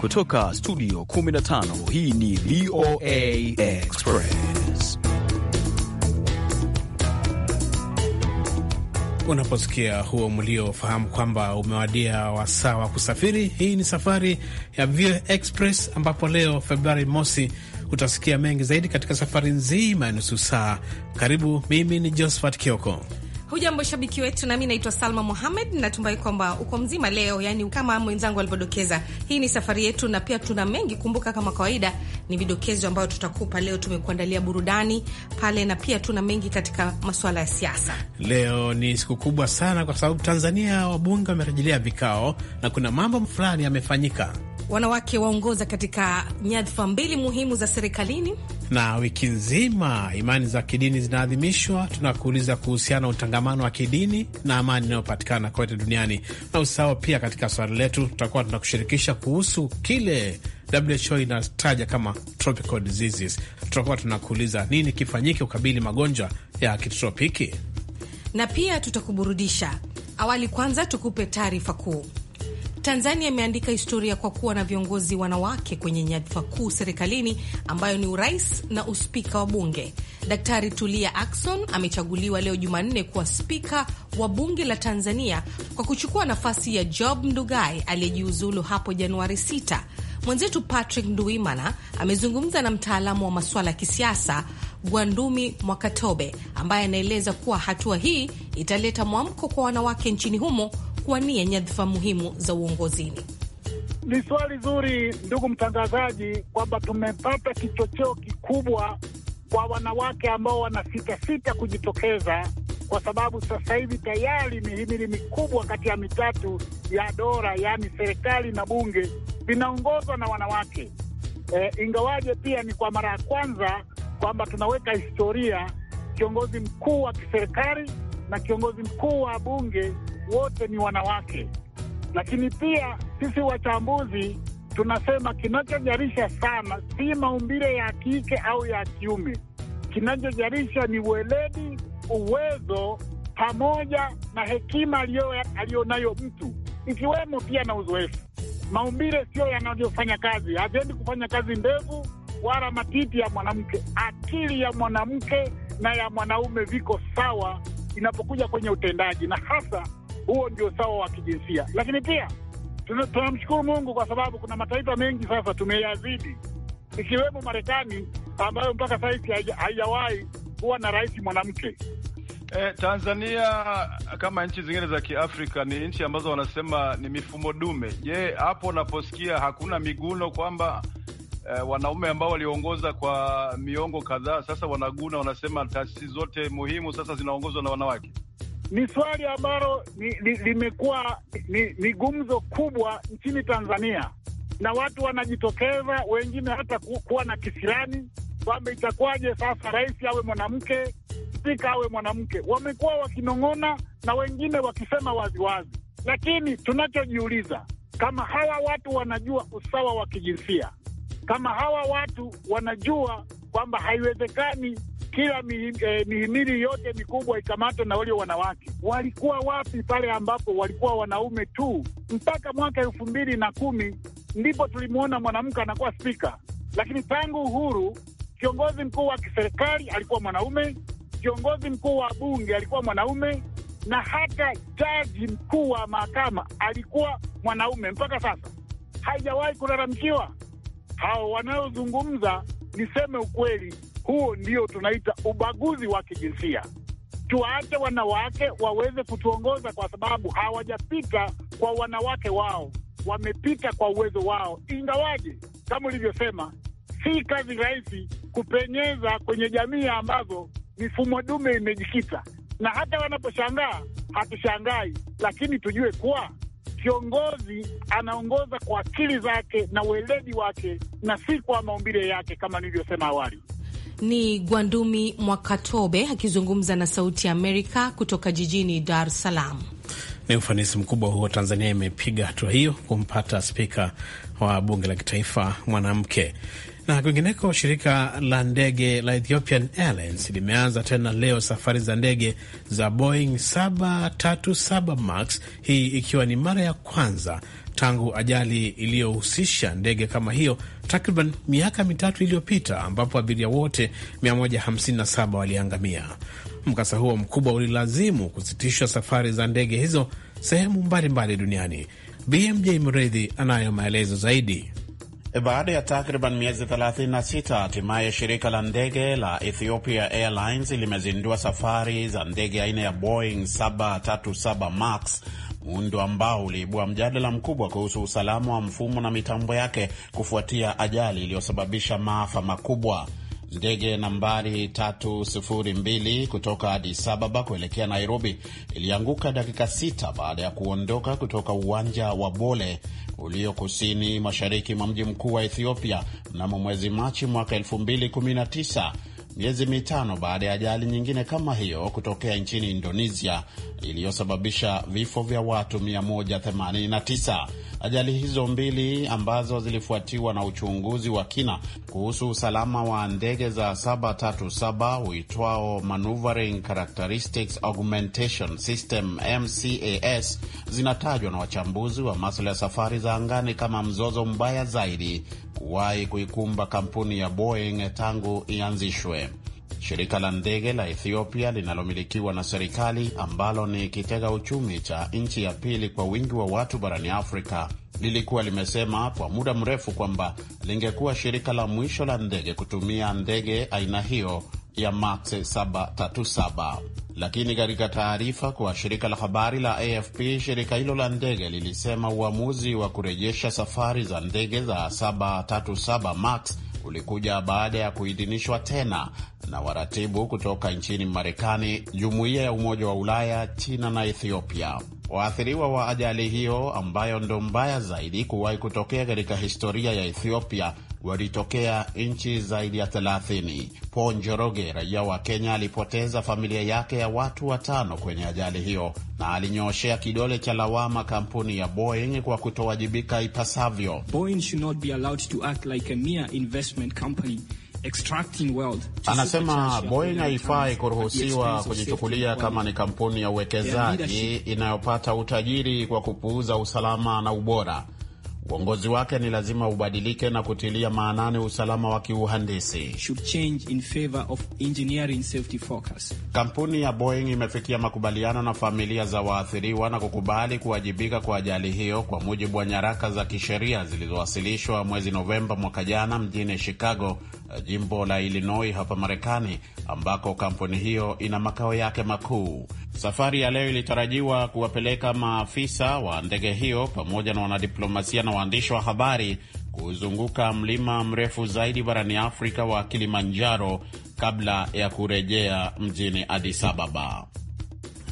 Kutoka studio 15 hii ni VOA Express. Unaposikia huo mliofahamu kwamba umewadia wasaa wa kusafiri, hii ni safari ya VOA Express, ambapo leo Februari mosi utasikia mengi zaidi katika safari nzima ya nusu saa. Karibu, mimi ni Josephat Kioko. Hujambo shabiki wetu, nami naitwa Salma muhamed Natumai kwamba uko mzima leo, yani kama mwenzangu alivyodokeza, hii ni safari yetu na pia tuna mengi. Kumbuka kama kawaida, ni vidokezo ambayo tutakupa leo. Tumekuandalia burudani pale na pia tuna mengi katika masuala ya siasa. Leo ni siku kubwa sana, kwa sababu Tanzania wabunge wamerejelea vikao na kuna mambo fulani yamefanyika. Wanawake waongoza katika nyadhifa mbili muhimu za serikalini. Na wiki nzima imani za kidini zinaadhimishwa. Tunakuuliza kuhusiana na utangamano wa kidini na amani inayopatikana kote duniani na usawa pia. Katika swali letu, tutakuwa tunakushirikisha kuhusu kile WHO inataja kama tropical diseases. Tutakuwa tunakuuliza nini kifanyike ukabili magonjwa ya kitropiki, na pia tutakuburudisha. Awali kwanza tukupe taarifa kuu. Tanzania imeandika historia kwa kuwa na viongozi wanawake kwenye nyadhifa kuu serikalini ambayo ni urais na uspika wa bunge. Daktari Tulia Ackson amechaguliwa leo Jumanne kuwa spika wa bunge la Tanzania kwa kuchukua nafasi ya Job Ndugai aliyejiuzulu hapo Januari 6. Mwenzetu Patrick Nduimana amezungumza na mtaalamu wa masuala ya kisiasa Gwandumi Mwakatobe ambaye anaeleza kuwa hatua hii italeta mwamko kwa wanawake nchini humo kuwania nyadhifa muhimu za uongozini? Ni swali zuri, ndugu mtangazaji, kwamba tumepata kichocheo kikubwa kwa wanawake ambao wanasitasita kujitokeza kwa sababu sasa hivi tayari mihimili mikubwa kati ya mitatu ya dola, yaani serikali na bunge, vinaongozwa na wanawake. E, ingawaje pia ni kwa mara ya kwanza kwamba tunaweka historia, kiongozi mkuu wa kiserikali na kiongozi mkuu wa bunge wote ni wanawake, lakini pia sisi wachambuzi tunasema kinachojarisha sana si maumbile ya kike au ya kiume. Kinachojarisha ni weledi, uwezo pamoja na hekima aliyonayo mtu, ikiwemo pia na uzoefu. Maumbile siyo yanavyofanya kazi, haviendi kufanya kazi ndevu wala matiti ya mwanamke. Akili ya mwanamke na ya mwanaume viko sawa inapokuja kwenye utendaji, na hasa huo ndio sawa wa kijinsia, lakini pia tunamshukuru Mungu kwa sababu kuna mataifa mengi sasa tumeyazidi, ikiwemo Marekani ambayo mpaka sahizi haijawahi kuwa na rais mwanamke. E, Tanzania kama nchi zingine za Kiafrika ni nchi ambazo wanasema ni mifumo dume. Je, hapo unaposikia hakuna miguno kwamba e, wanaume ambao waliongoza kwa miongo kadhaa sasa wanaguna, wanasema taasisi zote muhimu sasa zinaongozwa na wanawake? ni swali ambalo limekuwa ni, ni, ni gumzo kubwa nchini Tanzania, na watu wanajitokeza wengine hata ku, kuwa na kisirani kwamba itakuwaje sasa rais awe mwanamke, spika awe mwanamke. Wamekuwa wakinong'ona na wengine wakisema waziwazi, lakini tunachojiuliza kama hawa watu wanajua usawa wa kijinsia, kama hawa watu wanajua kwamba haiwezekani kila eh, mihimili eh, yote mikubwa ikamatwa na wale wanawake. Walikuwa wapi pale ambapo walikuwa wanaume tu? Mpaka mwaka elfu mbili na kumi ndipo tulimwona mwanamke anakuwa spika, lakini tangu uhuru kiongozi mkuu wa kiserikali alikuwa mwanaume, kiongozi mkuu wa bunge alikuwa mwanaume, na hata jaji mkuu wa mahakama alikuwa mwanaume. Mpaka sasa haijawahi kulalamikiwa. Hao wanaozungumza, niseme ukweli, huo ndio tunaita ubaguzi wa kijinsia. Tuwaache wanawake waweze kutuongoza, kwa sababu hawajapita kwa wanawake wao, wamepita kwa uwezo wao, ingawaje kama ulivyosema, si kazi rahisi kupenyeza kwenye jamii ambazo mifumo dume imejikita, na hata wanaposhangaa hatushangai, lakini tujue kuwa kiongozi anaongoza kwa akili zake na ueledi wake na si kwa maumbile yake, kama nilivyosema awali. Ni Gwandumi Mwakatobe akizungumza na Sauti ya Amerika kutoka jijini Dar es Salaam. Ni ufanisi mkubwa huo. Tanzania imepiga hatua hiyo kumpata spika wa bunge la kitaifa mwanamke. Na kwingineko, shirika la ndege la Ethiopian Airlines limeanza tena leo safari za ndege za Boeing 737 Max, hii ikiwa ni mara ya kwanza tangu ajali iliyohusisha ndege kama hiyo takriban miaka mitatu iliyopita, ambapo abiria wote 157 waliangamia. Mkasa huo mkubwa ulilazimu kusitishwa safari za ndege hizo sehemu mbalimbali duniani. BMJ Mredhi anayo maelezo zaidi. Baada ya takriban miezi 36 hatimaye shirika la ndege la Ethiopia Airlines limezindua safari za ndege aina ya Boeing 737 Max muundo ambao uliibua mjadala mkubwa kuhusu usalama wa mfumo na mitambo yake kufuatia ajali iliyosababisha maafa makubwa. Ndege nambari 302 kutoka Addis Ababa kuelekea Nairobi ilianguka dakika sita baada ya kuondoka kutoka uwanja wa Bole ulio kusini mashariki mwa mji mkuu wa Ethiopia mnamo mwezi Machi mwaka 2019 miezi mitano baada ya ajali nyingine kama hiyo kutokea nchini Indonesia iliyosababisha vifo vya watu 189. Ajali hizo mbili ambazo zilifuatiwa na uchunguzi wa kina kuhusu usalama wa ndege za 737 uitwao Maneuvering Characteristics Augmentation System MCAS zinatajwa na wachambuzi wa maswala ya safari za angani kama mzozo mbaya zaidi kuwahi kuikumba kampuni ya Boeing tangu ianzishwe. Shirika la ndege la Ethiopia linalomilikiwa na serikali ambalo ni kitega uchumi cha nchi ya pili kwa wingi wa watu barani Afrika lilikuwa limesema kwa muda mrefu kwamba lingekuwa shirika la mwisho la ndege kutumia ndege aina hiyo ya Max 737 lakini katika taarifa kwa shirika la habari la AFP, shirika hilo la ndege lilisema uamuzi wa kurejesha safari za ndege za 737 Max ulikuja baada ya kuidhinishwa tena na waratibu kutoka nchini Marekani, Jumuiya ya Umoja wa Ulaya, China na Ethiopia. Waathiriwa wa ajali hiyo ambayo ndo mbaya zaidi kuwahi kutokea katika historia ya Ethiopia walitokea nchi zaidi ya thelathini. Paul Njoroge, raia wa Kenya, alipoteza familia yake ya watu watano kwenye ajali hiyo na alinyooshea kidole cha lawama kampuni ya Boeing kwa kutowajibika ipasavyo. Anasema Boeing haifai kuruhusiwa kujichukulia kama ni kampuni ya uwekezaji inayopata utajiri kwa kupuuza usalama na ubora uongozi wake ni lazima ubadilike na kutilia maanani usalama wa kiuhandisi. Kampuni ya Boeing imefikia makubaliano na familia za waathiriwa na kukubali kuwajibika kwa ajali hiyo, kwa mujibu wa nyaraka za kisheria zilizowasilishwa mwezi Novemba mwaka jana mjini Chicago Eh, jimbo la Illinois hapa Marekani, ambako kampuni hiyo ina makao yake makuu. Safari ya leo ilitarajiwa kuwapeleka maafisa wa ndege hiyo pamoja na wanadiplomasia na waandishi wa habari kuzunguka mlima mrefu zaidi barani Afrika wa Kilimanjaro kabla ya kurejea mjini Addis Ababa.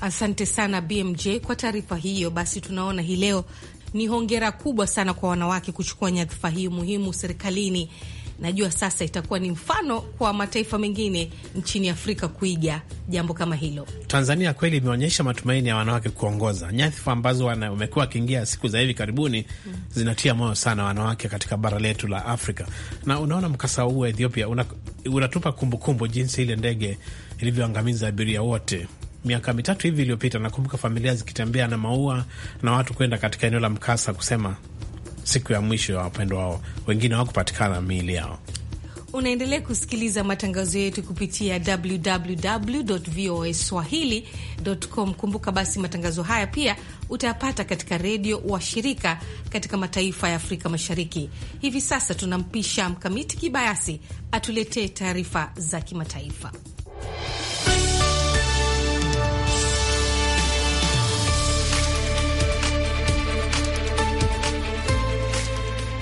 Asante sana BMJ kwa taarifa hiyo. Basi tunaona hii leo ni hongera kubwa sana kwa wanawake kuchukua nyadhifa hii muhimu serikalini najua sasa itakuwa ni mfano kwa mataifa mengine nchini Afrika kuiga jambo kama hilo. Tanzania kweli imeonyesha matumaini ya wanawake kuongoza nyadhifa ambazo wamekuwa wakiingia siku za hivi karibuni, mm. zinatia moyo sana wanawake katika bara letu la Afrika. Na unaona mkasa huu wa Ethiopia unatupa una kumbukumbu jinsi ile ndege ilivyoangamiza abiria wote miaka mitatu hivi iliyopita. Nakumbuka familia zikitembea na maua na watu kwenda katika eneo la mkasa kusema siku ya mwisho ya wapendwa wao, wengine hawakupatikana miili yao. Unaendelea kusikiliza matangazo yetu kupitia www voa swahili.com. Kumbuka basi, matangazo haya pia utayapata katika redio wa shirika katika mataifa ya Afrika Mashariki. Hivi sasa tunampisha Mkamiti Kibayasi atuletee taarifa za kimataifa.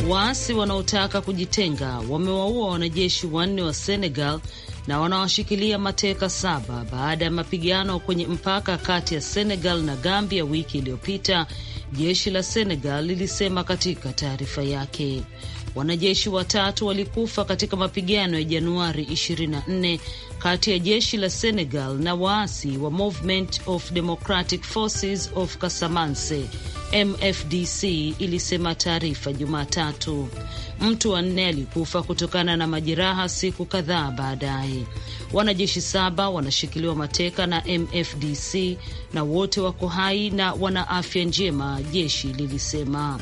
Waasi wanaotaka kujitenga wamewaua wanajeshi wanne wa Senegal na wanawashikilia mateka saba baada ya mapigano kwenye mpaka kati ya Senegal na Gambia wiki iliyopita, jeshi la Senegal lilisema katika taarifa yake. Wanajeshi watatu walikufa katika mapigano ya Januari 24 kati ya jeshi la Senegal na waasi wa Movement of Democratic Forces of Casamance MFDC, ilisema taarifa Jumatatu. Mtu wa nne alikufa kutokana na majeraha siku kadhaa baadaye. Wanajeshi saba wanashikiliwa mateka na MFDC na wote wako hai na wana afya njema, jeshi lilisema.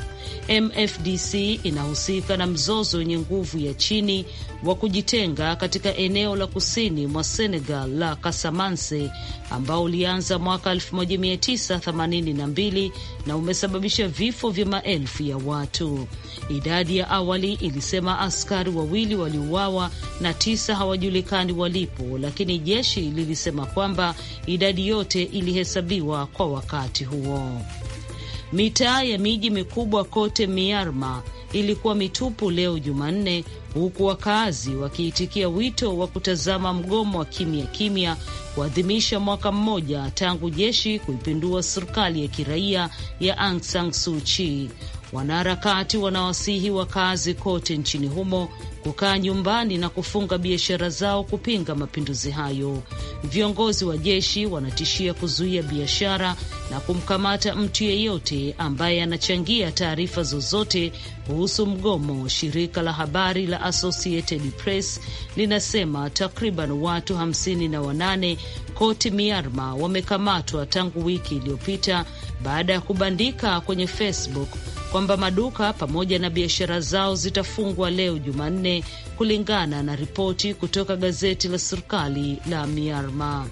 MFDC inahusika na mzozo wenye nguvu ya chini wa kujitenga katika eneo la kusini mwa Senegal la Kasamanse ambao ulianza mwaka 1982 na umesababisha vifo vya maelfu ya watu. Idadi ya awali ilisema askari wawili waliuawa na tisa hawajulikani walipo, lakini jeshi lilisema kwamba idadi yote ilihesabiwa kwa wakati huo. Mitaa ya miji mikubwa kote miarma ilikuwa mitupu leo Jumanne, huku wakaazi wakiitikia wito wa kutazama mgomo wa kimya kimya kuadhimisha mwaka mmoja tangu jeshi kuipindua serikali ya kiraia ya Aung San Suu Kyi Wanaharakati wanawasihi wakazi kote nchini humo kukaa nyumbani na kufunga biashara zao kupinga mapinduzi hayo. Viongozi wa jeshi wanatishia kuzuia biashara na kumkamata mtu yeyote ambaye anachangia taarifa zozote kuhusu mgomo. Shirika la habari la Associated Press linasema takriban watu hamsini na wanane kote Myanmar wamekamatwa tangu wiki iliyopita baada ya kubandika kwenye Facebook kwamba maduka pamoja na biashara zao zitafungwa leo Jumanne, kulingana na ripoti kutoka gazeti la serikali la Myanmar.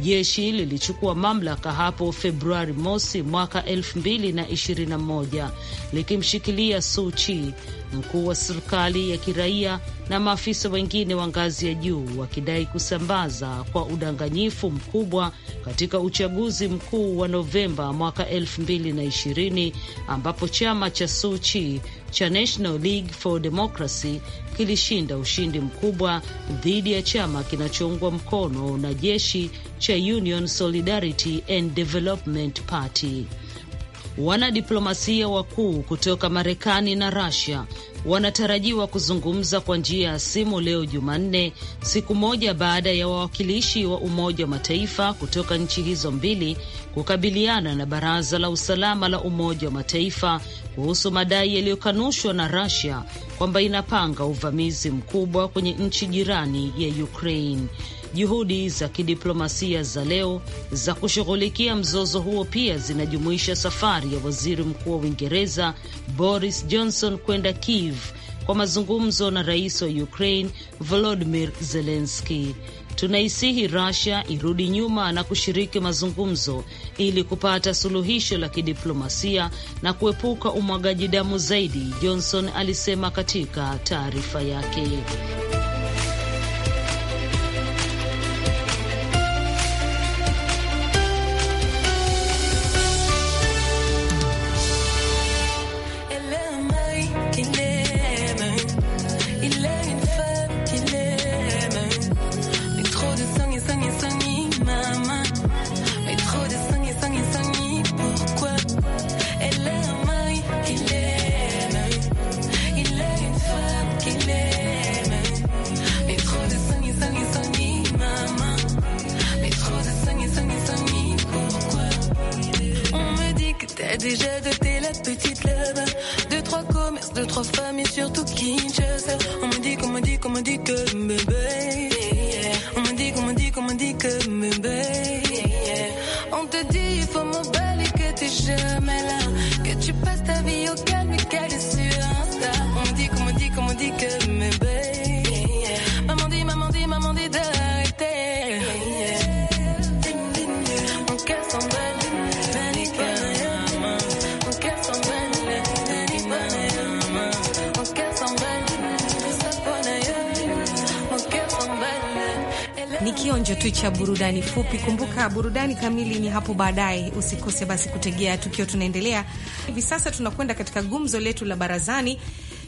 Jeshi lilichukua mamlaka hapo Februari mosi mwaka 2021 likimshikilia Suchi, mkuu wa serikali ya kiraia na maafisa wengine wa ngazi ya juu wakidai kusambaza kwa udanganyifu mkubwa katika uchaguzi mkuu wa Novemba mwaka 2020 ambapo chama cha Suchi cha National League for Democracy kilishinda ushindi mkubwa dhidi ya chama kinachoungwa mkono na jeshi cha Union Solidarity and Development Party. Wanadiplomasia wakuu kutoka Marekani na rasia wanatarajiwa kuzungumza kwa njia ya simu leo Jumanne, siku moja baada ya wawakilishi wa Umoja wa Mataifa kutoka nchi hizo mbili kukabiliana na Baraza la Usalama la Umoja wa Mataifa kuhusu madai yaliyokanushwa na rasia kwamba inapanga uvamizi mkubwa kwenye nchi jirani ya Ukraine. Juhudi za kidiplomasia za leo za kushughulikia mzozo huo pia zinajumuisha safari ya waziri mkuu wa Uingereza Boris Johnson kwenda Kiev kwa mazungumzo na rais wa Ukraine volodimir zelenski Tunaisihi Russia irudi nyuma na kushiriki mazungumzo ili kupata suluhisho la kidiplomasia na kuepuka umwagaji damu zaidi, Johnson alisema katika taarifa yake. kionjo tu cha burudani fupi. Kumbuka burudani kamili ni hapo baadaye, usikose basi kutegea tukio. Tunaendelea hivi sasa, tunakwenda katika gumzo letu la barazani.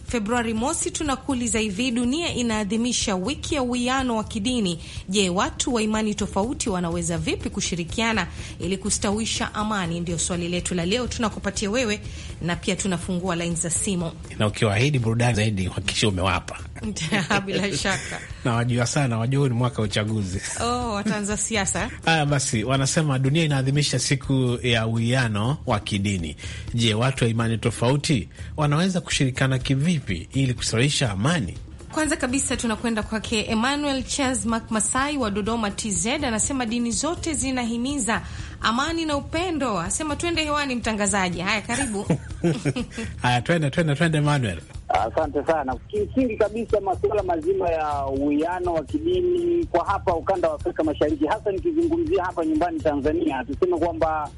Februari mosi tunakuuliza hivi, dunia inaadhimisha wiki ya uwiano wa kidini. Je, watu wa imani tofauti wanaweza vipi kushirikiana ili kustawisha amani? Ndio swali letu la leo tunakupatia wewe, na pia tunafungua laini za simu, na ukiwaahidi burudani zaidi hakikisha umewapa bila shaka na wajua sana, wajua huu ni mwaka wa uchaguzi. Oh, wataanza siasa. Haya basi, wanasema dunia inaadhimisha siku ya uwiano wa kidini. Je, watu wa imani tofauti wanaweza kushirikana kivipi ili kustawisha amani? Kwanza kabisa tunakwenda kwake Emmanuel Charles Mac Masai wa Dodoma TZ, anasema dini zote zinahimiza amani na upendo. Asema twende hewani, mtangazaji. Haya, karibu. Haya, twende twende twende, Emmanuel. Asante sana. Kimsingi kabisa masuala mazima ya uwiano wa kidini kwa hapa ukanda wa Afrika Mashariki, hasa nikizungumzia hapa nyumbani Tanzania, tuseme kwamba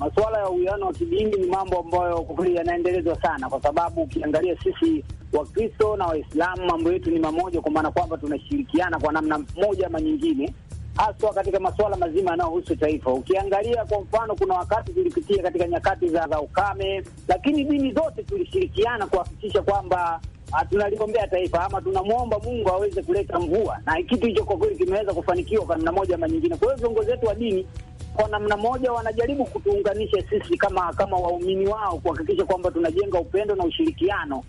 masuala ya uwiano wa kidini ni mambo ambayo kwa kweli yanaendelezwa sana, kwa sababu ukiangalia sisi Wakristo na Waislamu mambo yetu ni mamoja, kwa maana kwamba tunashirikiana kwa namna moja ama nyingine haswa katika masuala mazima yanayohusu taifa. Ukiangalia kwa mfano, kuna wakati tulipitia katika nyakati za, za ukame, lakini dini zote tulishirikiana kuhakikisha kwamba ah, tunaliombea taifa ama tunamwomba Mungu aweze kuleta mvua, na kitu hicho kwa kweli kimeweza kufanikiwa kwa namna moja ama nyingine. Kwa hiyo viongozi wetu wa dini kwa namna moja wanajaribu kutuunganisha sisi kama kama waumini wao, kuhakikisha kwamba tunajenga upendo na ushirikiano.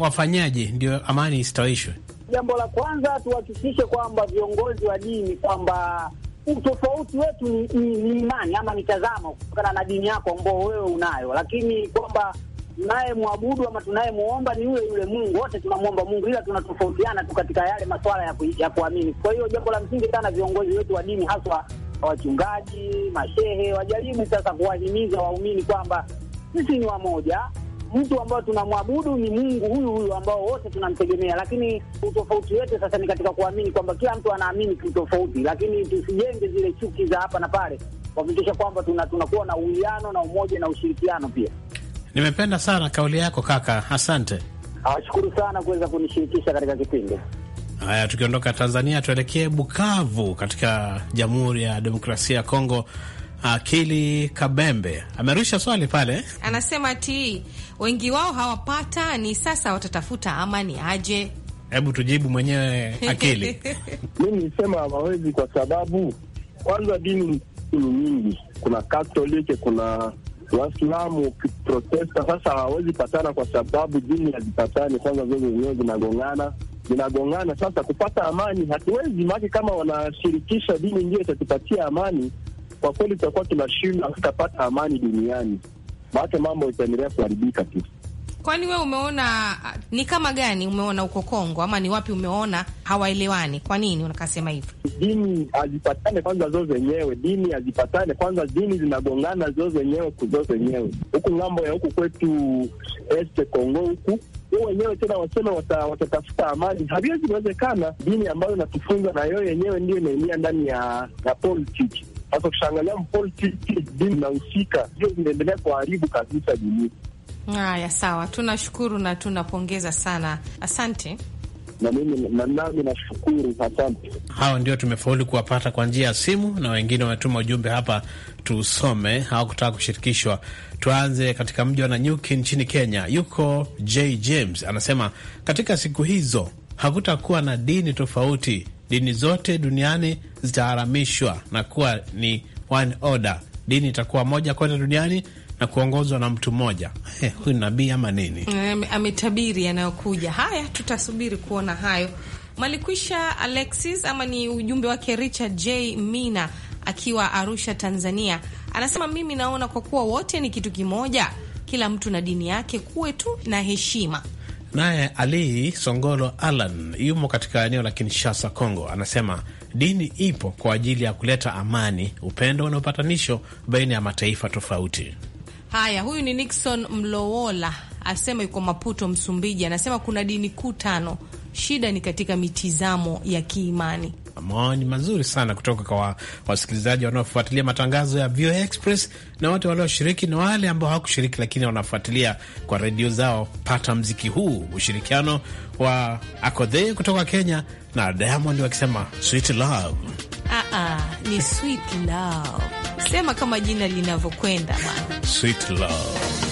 Wafanyaje ndio amani istawishwe? jambo la kwanza tuhakikishe kwamba viongozi wa dini kwamba utofauti wetu ni, ni, ni imani ama mitazamo kutokana na dini yako ambao wewe unayo, lakini kwamba tunayemwabudu ama tunayemwomba ni yule yule Mungu. Wote tunamwomba Mungu, ila tunatofautiana tu katika yale masuala ya, ya kuamini. Kwa hiyo jambo la msingi sana viongozi wetu wa dini haswa wachungaji, mashehe wajaribu sasa kuwahimiza waumini kwamba sisi ni wamoja mtu ambayo tunamwabudu ni Mungu huyu huyu ambao wote tunamtegemea, lakini utofauti wetu sasa ni katika kuamini kwamba kila mtu anaamini kitofauti, tofauti, lakini tusijenge zile chuki za hapa na pale, kuhakikisha kwamba tunakuwa tuna na uwiano na umoja na ushirikiano pia. Nimependa sana kauli yako kaka, asante. Awashukuru sana kuweza kunishirikisha katika kipindi. Haya, tukiondoka Tanzania tuelekee Bukavu katika Jamhuri ya Demokrasia ya Kongo Akili Kabembe amerusha swali pale, anasema ti wengi wao hawapata ni sasa watatafuta amani aje? Hebu tujibu mwenyewe Akili. Mimi nisema hawawezi kwa sababu kwanza dini ni nyingi, kuna Katoliki, kuna Waislamu, Protesta. Sasa hawawezi patana kwa sababu dini hazipatani, kwanza vyo zenyewe zinagongana zinagongana Sasa kupata amani hatuwezi, maake kama wanashirikisha dini ndio itatupatia amani, kwa kweli tutakuwa tunashinda, hatutapata amani duniani, maake mambo itaendelea kuharibika tu. Kwani we umeona ni kama gani umeona huko Kongo ama ni wapi umeona hawaelewani? Kwa nini unakasema hivyo? Dini hazipatane kwanza zo zenyewe, dini hazipatane kwanza, dini zinagongana zo zenyewe kuzo zenyewe, huku ng'ambo ya huku kwetu este Kongo huku wenyewe tena wasema watatafuta wata amani, haviwezi kuwezekana. Dini ambayo inatufunza na yo yenyewe ndio inaingia ndani ya, ya politiki sasa ukishaangalia inahusika, hiyo vinaendelea kuharibu kabisa dunia. Haya, sawa, tunashukuru na tunapongeza sana, asante. Na mimi nashukuru, asante. Hao ndio tumefaulu kuwapata kwa njia ya simu, na wengine wametuma ujumbe hapa tusome, hawakutaka kushirikishwa. Tuanze katika mji wa Nanyuki nchini Kenya, yuko J James anasema katika siku hizo hakutakuwa na dini tofauti dini zote duniani zitaharamishwa na kuwa ni one order, dini itakuwa moja kote duniani na kuongozwa na mtu mmoja. Eh, huyu nabii ama nini? Ametabiri yanayokuja. Haya, tutasubiri kuona hayo. Malikwisha Alexis, ama ni ujumbe wake Richard J Mina akiwa Arusha, Tanzania, anasema mimi naona kwa kuwa wote ni kitu kimoja, kila mtu na dini yake, kuwe tu na heshima. Naye Ali Songolo Alan yumo katika eneo la Kinshasa, congo anasema dini ipo kwa ajili ya kuleta amani, upendo na upatanisho baina ya mataifa tofauti. Haya, huyu ni Nixon Mlowola asema yuko Maputo, Msumbiji, anasema kuna dini kuu tano shida ni katika mitizamo ya kiimani. Maoni mazuri sana kutoka kwa wasikilizaji wanaofuatilia matangazo ya VOA Express na wote walioshiriki na wale ambao hawakushiriki lakini wanafuatilia kwa redio zao. Pata mziki huu, ushirikiano wa Akodhe kutoka Kenya na Diamond wakisema sweet love. Ah, ah, ni sweet love, sema kama jina linavyokwenda sweet love.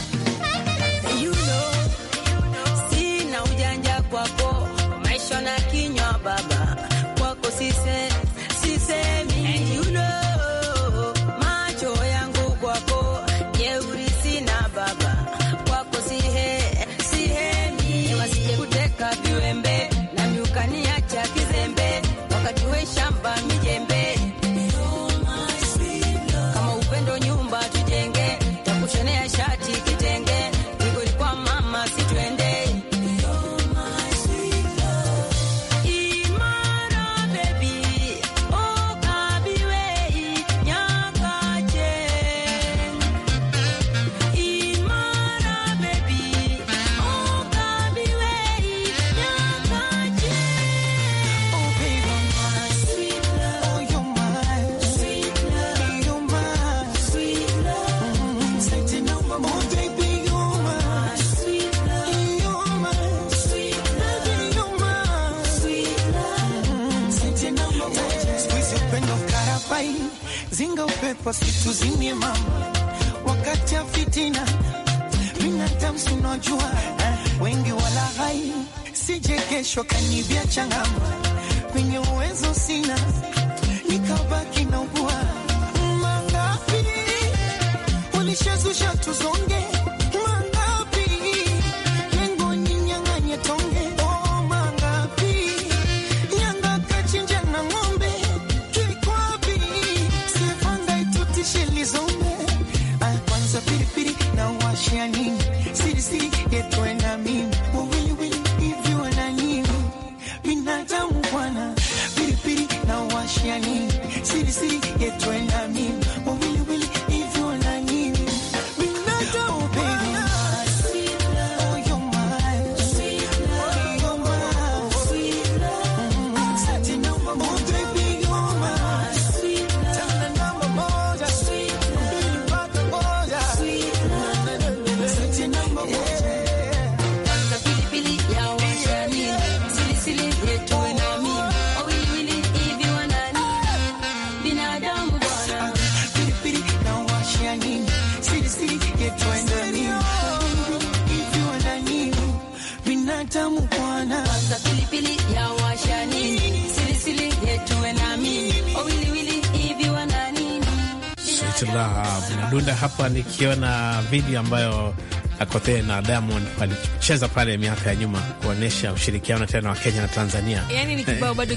silaha vinadunda hapa, nikiona video ambayo Akothee na Diamond walicheza pale miaka ya nyuma kuonyesha ushirikiano tena wa Kenya na Tanzania. Yani ni kibao bado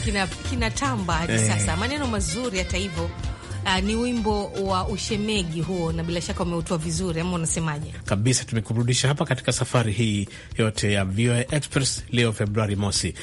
kinatamba kina hadi eh. sasa, maneno mazuri. Hata hivyo Uh, ni wimbo wa ushemegi huo, na bila shaka umeutoa vizuri, ama unasemaje? Kabisa, tumekurudisha hapa katika safari hii yote ya VOA Express leo Februari mosi,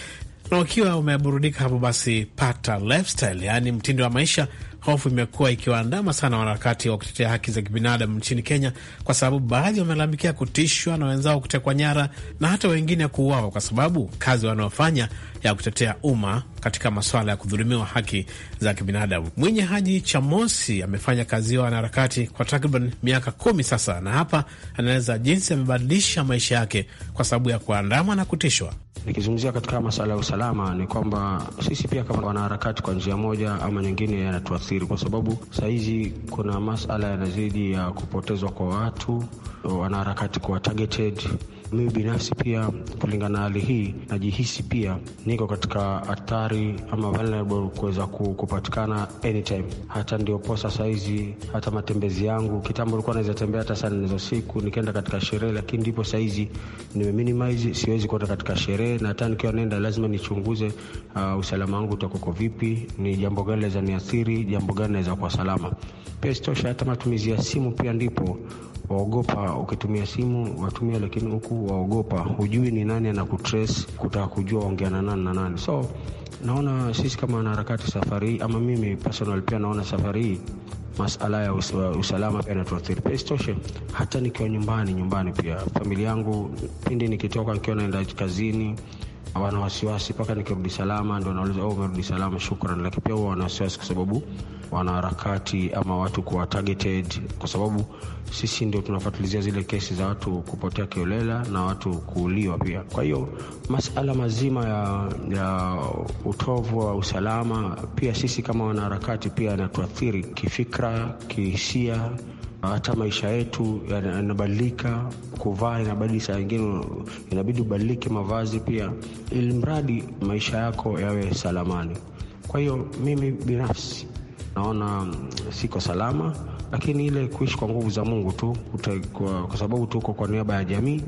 na ukiwa umeburudika hapo, basi pata lifestyle, yaani mtindo wa maisha hofu imekuwa ikiwaandama sana wanaharakati wa kutetea haki za kibinadamu nchini Kenya, kwa sababu baadhi wamelalamikia kutishwa na wenzao kutekwa nyara na hata wengine kuuawa kwa sababu kazi wanaofanya ya kutetea umma katika masuala ya kudhulumiwa haki za kibinadamu. Mwinyi Haji Chamosi amefanya kazi hiyo wanaharakati kwa takriban miaka kumi sasa, na hapa anaeleza jinsi amebadilisha maisha yake kwa sababu ya kuandamwa na kutishwa. Nikizungumzia katika masala ya usalama, ni kwamba sisi pia kama wanaharakati, kwa njia moja ama nyingine, yanatuathiri kwa sababu sahizi kuna masala yanazidi ya kupotezwa kwa watu wanaharakati kuwa targeted mimi binafsi pia, kulingana na hali hii, najihisi pia niko katika hatari ama vulnerable kuweza kupatikana anytime. Hata ndioposa sahizi, hata matembezi yangu kitambo ulikuwa naweza tembea hata saa nne za usiku nikienda katika sherehe, lakini ndipo sahizi nimeminimize, siwezi kuenda katika sherehe, na hata nikiwa nenda lazima nichunguze uh, usalama wangu utakoko vipi, ni jambo gani naweza niathiri, jambo gani naweza kuwa salama. Pia sitosha hata matumizi ya simu pia ndipo waogopa ukitumia simu watumia, lakini huku waogopa, hujui ni nani anakutrace, kutaka kujua waongeana nani na nani. So naona sisi kama wanaharakati safari hii, ama mimi personal pia naona safari hii masala ya usalama pia natuathiri. Pia isitoshe, hata nikiwa nyumbani nyumbani pia familia yangu, pindi nikitoka nikiwa naenda kazini wana wasiwasi mpaka nikirudi salama, ndo nauliza oh, umerudi salama, shukran. Lakini pia huwa wana wasiwasi kwa sababu wanaharakati ama watu kuwa targeted, kwa sababu sisi ndio tunafuatilizia zile kesi za watu kupotea kiolela na watu kuuliwa pia. Kwa hiyo masala mazima ya, ya utovu wa usalama pia sisi kama wanaharakati pia yanatuathiri kifikra, kihisia hata maisha yetu yanabadilika, kuvaa inabadilika, saa ingine inabidi ubadilike mavazi pia, ili mradi maisha yako yawe salamani. Kwa hiyo mimi binafsi naona mm, siko salama, lakini ile kuishi kwa nguvu za Mungu tu kwa, kwa sababu tuko kwa niaba ya jamii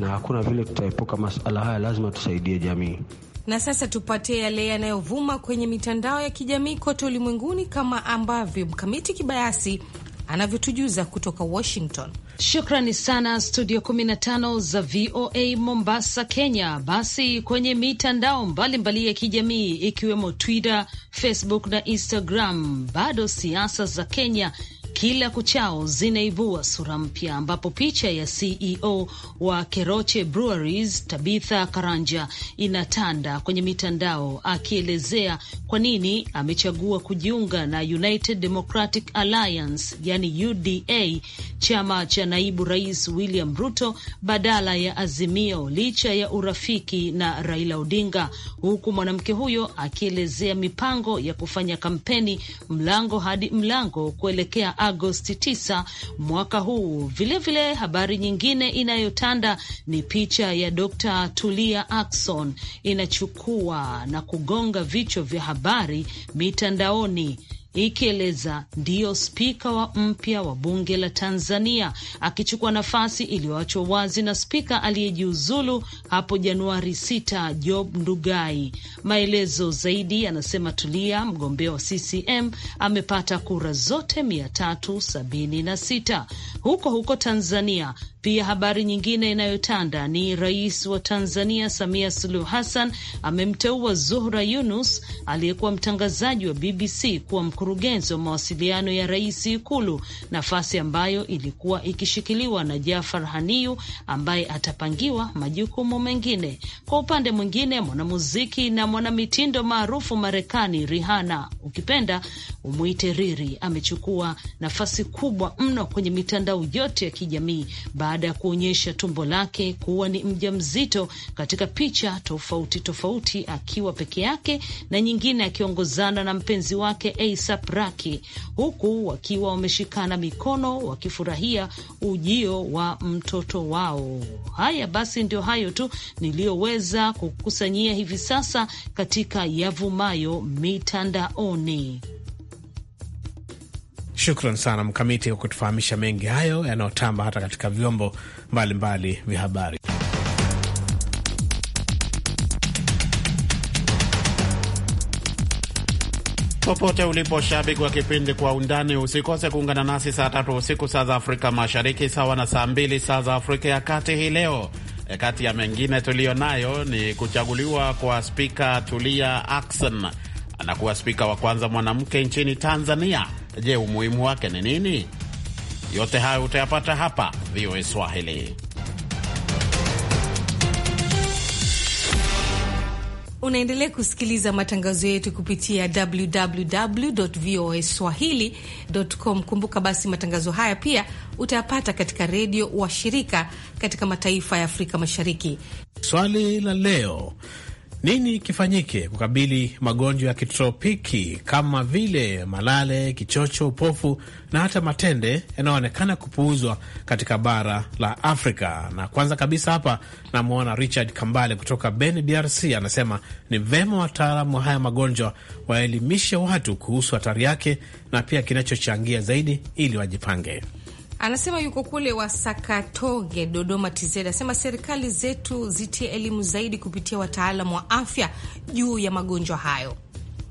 na hakuna vile tutaepuka masala haya, lazima tusaidie jamii. Na sasa tupate yale yanayovuma kwenye mitandao ya kijamii kote ulimwenguni, kama ambavyo Mkamiti Kibayasi anavyotujuza kutoka Washington. Shukrani sana studio 15 za VOA Mombasa, Kenya. Basi kwenye mitandao mbalimbali ya kijamii ikiwemo Twitter, Facebook na Instagram, bado siasa za Kenya kila kuchao zinaibua sura mpya, ambapo picha ya CEO wa Keroche Breweries Tabitha Karanja inatanda kwenye mitandao akielezea kwa nini amechagua kujiunga na United Democratic Alliance, yani UDA, chama cha naibu rais William Ruto badala ya Azimio, licha ya urafiki na Raila Odinga, huku mwanamke huyo akielezea mipango ya kufanya kampeni mlango hadi mlango kuelekea Agosti 9 mwaka huu. Vilevile vile, habari nyingine inayotanda ni picha ya Dr. Tulia Ackson inachukua na kugonga vichwa vya habari mitandaoni ikieleza ndiyo spika wa mpya wa bunge la Tanzania akichukua nafasi iliyoachwa wazi na spika aliyejiuzulu hapo Januari 6 Job Ndugai. Maelezo zaidi anasema Tulia, mgombea wa CCM, amepata kura zote 376. Huko huko Tanzania, pia habari nyingine inayotanda ni rais wa Tanzania Samia Suluhu Hassan amemteua Zuhra Yunus aliyekuwa mtangazaji wa BBC kuwa mkurugenzi wa mawasiliano ya rais Ikulu, nafasi ambayo ilikuwa ikishikiliwa na Jafar Haniu ambaye atapangiwa majukumu mengine. Kwa upande mwingine, mwanamuziki na mwanamitindo maarufu Marekani Rihanna, ukipenda umwite Riri, amechukua nafasi kubwa mno kwenye mitandao yote ya kijamii baada ya kuonyesha tumbo lake kuwa ni mjamzito katika picha tofauti tofauti, akiwa peke yake na nyingine akiongozana na mpenzi wake ASAP Rocky, huku wakiwa wameshikana mikono wakifurahia ujio wa mtoto wao. Haya basi, ndio hayo tu niliyoweza kukusanyia hivi sasa katika yavumayo mitandaoni. Shukran sana Mkamiti kwa kutufahamisha mengi hayo yanayotamba hata katika vyombo mbalimbali vya habari. Popote ulipo shabiki wa kipindi Kwa Undani, usikose kuungana nasi saa tatu usiku saa za Afrika Mashariki, sawa na saa mbili saa za Afrika ya Kati hii leo. E, kati ya mengine tuliyo nayo ni kuchaguliwa kwa spika Tulia Ackson, anakuwa spika wa kwanza mwanamke nchini Tanzania. Je, umuhimu wake ni nini? Yote hayo utayapata hapa VOA Swahili. Unaendelea kusikiliza matangazo yetu kupitia www voa swahili.com. Kumbuka basi, matangazo haya pia utayapata katika redio washirika katika mataifa ya Afrika Mashariki. Swali la leo nini kifanyike kukabili magonjwa ya kitropiki kama vile malale, kichocho, upofu na hata matende yanayoonekana kupuuzwa katika bara la Afrika? Na kwanza kabisa hapa namwona Richard Kambale kutoka Beni, DRC, anasema ni vema wataalamu wa haya magonjwa waelimishe watu kuhusu hatari yake na pia kinachochangia zaidi, ili wajipange anasema yuko kule Wasakatoge, Dodoma TZ. Anasema serikali zetu zitie elimu zaidi kupitia wataalamu wa afya juu ya magonjwa hayo.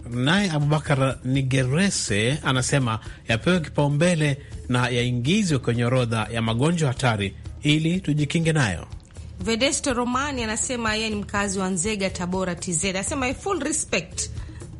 Naye Abubakar Nigerese anasema yapewe kipaumbele na yaingizwe kwenye orodha ya magonjwa hatari ili tujikinge nayo. Vedesto Romani anasema yeye ni mkazi wa Nzega, Tabora TZ, anasema full respect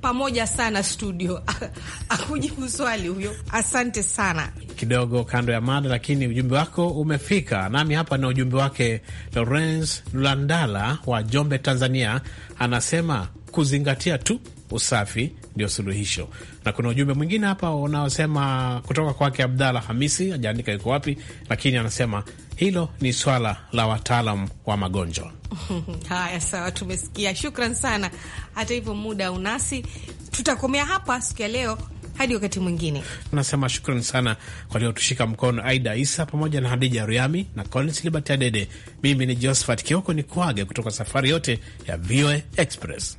pamoja sana studio akujibu swali huyo. Asante sana, kidogo kando ya mada, lakini ujumbe wako umefika nami hapa na ujumbe wake. lorenz Lulandala wa Jombe, Tanzania, anasema kuzingatia tu usafi ndio suluhisho. Na kuna ujumbe mwingine hapa unaosema kutoka kwake Abdalla Hamisi, ajaandika yuko wapi, lakini anasema hilo ni swala la wataalam wa magonjwa. Haya, sawa, tumesikia. Shukran sana. Hata hivyo, muda unasi, tutakomea hapa siku ya leo hadi wakati mwingine. Tunasema shukran sana kwa waliotushika mkono, Aida Isa pamoja na Hadija Riami na Collins Liberty Adede. Mimi ni Josephat Kioko, ni kuage kutoka safari yote ya VOA Express.